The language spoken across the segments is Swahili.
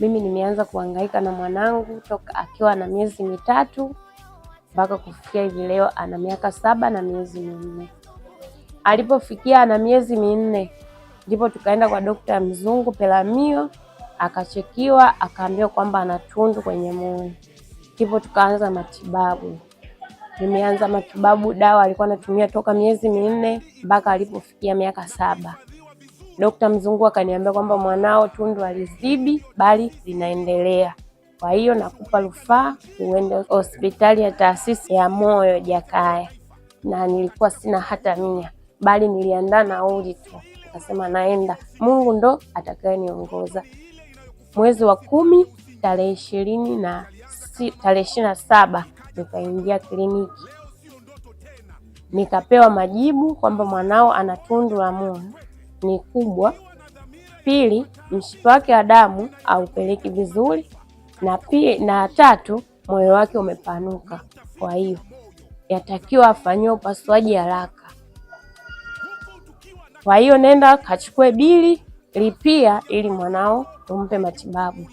mimi nimeanza kuhangaika na mwanangu toka akiwa na miezi mitatu mpaka kufikia hivi leo ana miaka saba na miezi minne. Alipofikia ana miezi minne ndipo tukaenda kwa dokta mzungu Pelamio, akachekiwa akaambiwa kwamba ana tundu kwenye moyo, ndipo tukaanza matibabu. Nimeanza matibabu, dawa alikuwa anatumia toka miezi minne mpaka alipofikia miaka saba. Dokta Mzungu akaniambia kwamba mwanao tundu alizibi bali linaendelea, kwa hiyo nakupa rufaa uende hospitali ya taasisi ya moyo Jakaya, na nilikuwa sina hata mia, bali niliandaa nauli tu, akasema naenda, Mungu ndo atakayeniongoza. Mwezi wa kumi tarehe ishirini na si, tarehe ishirini na saba nikaingia kliniki nikapewa majibu kwamba mwanao ana tundu la moyo ni kubwa. Pili, mshipa wake wa damu haupeleki vizuri, na pia na tatu, moyo wake umepanuka, kwa hiyo yatakiwa afanyiwe upasuaji haraka. Kwa hiyo nenda kachukue bili lipia, ili mwanao umpe matibabu.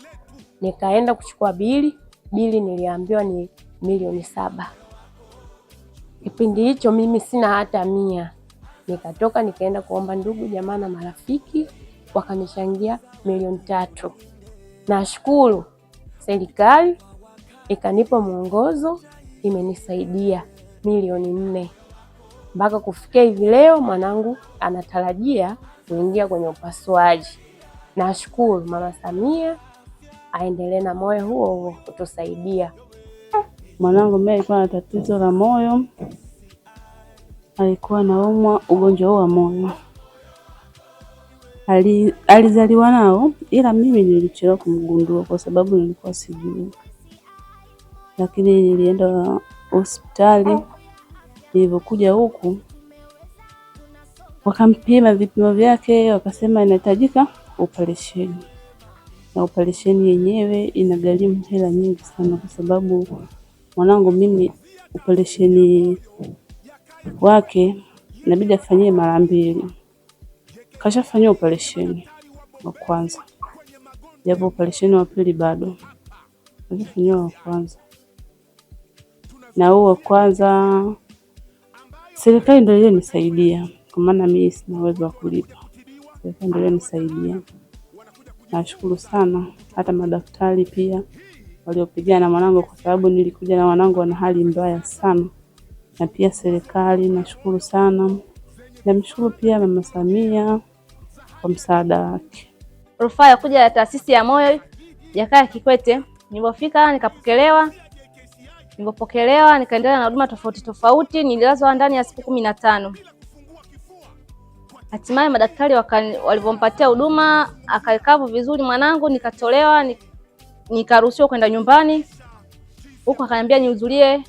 Nikaenda kuchukua bili, bili niliambiwa ni milioni saba. Kipindi hicho mimi sina hata mia. Nikatoka nikaenda kuomba ndugu jamaa na marafiki, wakanichangia milioni tatu. Nashukuru serikali ikanipa mwongozo, imenisaidia milioni nne mpaka kufikia hivi leo mwanangu anatarajia kuingia kwenye upasuaji. Nashukuru Mama Samia aendelee na moyo huo huo kutusaidia. Mwanangu mimi alikuwa na tatizo la moyo alikuwa anaumwa ugonjwa wa moyo. Ali, alizaliwa nao, ila mimi nilichelewa kumgundua kwa sababu nilikuwa sijui, lakini nilienda hospitali. Nilivyokuja huku wakampima vipimo vyake, wakasema inahitajika operesheni, na operesheni yenyewe inagharimu hela nyingi sana, kwa sababu mwanangu, mimi operesheni wake inabidi afanyie mara mbili. Kashafanyia operesheni wa kwanza, japo operesheni wa pili bado kashafanyiwa wa kwanza, na huu wa kwanza serikali ndio iliyonisaidia kwa maana mimi sina uwezo wa kulipa, serikali ndio iliyonisaidia. Nashukuru sana hata madaktari pia waliopigana na mwanangu, kwa sababu nilikuja na mwanangu ana hali mbaya sana na pia serikali nashukuru sana. Namshukuru pia Mama Samia kwa msaada wake. Rufaa ya kuja ya taasisi ya moyo Jakaya Kikwete, nilipofika nikapokelewa, nilipopokelewa nikaendelea na huduma tofauti tofauti, nililazwa ndani ya siku kumi na tano. Hatimaye madaktari walivyompatia huduma akaekavo vizuri mwanangu, nikatolewa nikaruhusiwa kwenda nyumbani, huku akaniambia nihudhurie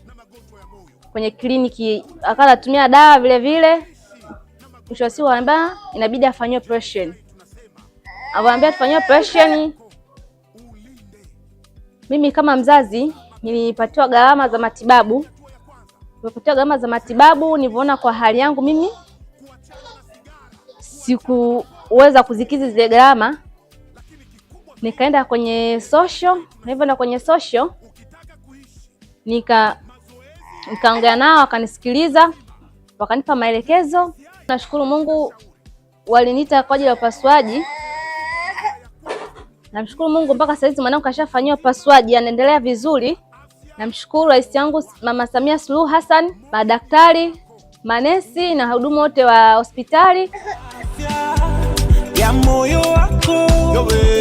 kwenye kliniki, akala tumia dawa vile vile, mwisho wa siku anaambia inabidi afanyiwe operation. Anaambia tufanyiwe operation, mimi kama mzazi nilipatiwa gharama za matibabu, nilipatiwa gharama za matibabu. Nilivyoona kwa hali yangu mimi sikuweza kuzikizi zile gharama, nikaenda kwenye social. Nilivyoenda kwenye social nika nikaongea nao, wakanisikiliza, wakanipa maelekezo. Nashukuru Mungu waliniita kwa ajili ya upasuaji. Namshukuru Mungu mpaka sasa hivi mwanangu kashafanyiwa upasuaji, anaendelea vizuri. Namshukuru rais yangu Mama Samia Suluhu Hassan, madaktari, manesi na wahudumu wote wa hospitali ya moyo wako